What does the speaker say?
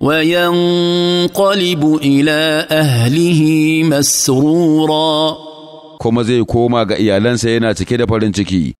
وينقلب ila ahlihi مسرورا kuma zai koma ga iyalansa yana cike da farin ciki